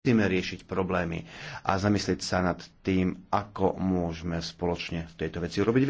musíme riešiť problémy a zamyslieť sa nad tým, ako môžeme spoločne v tejto veci urobiť viac.